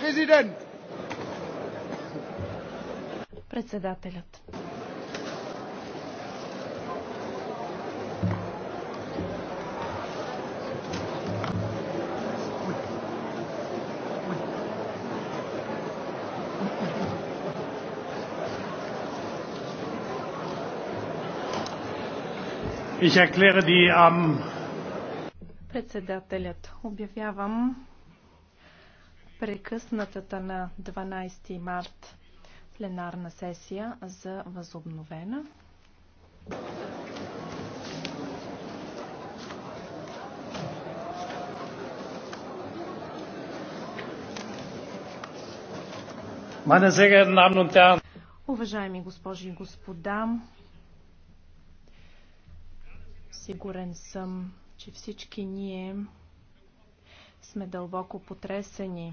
Президент! Председателят. Председателят. Обявявам прекъснатата на 12 март пленарна сесия за възобновена. Уважаеми госпожи и господа, сигурен съм, че всички ние сме дълбоко потресени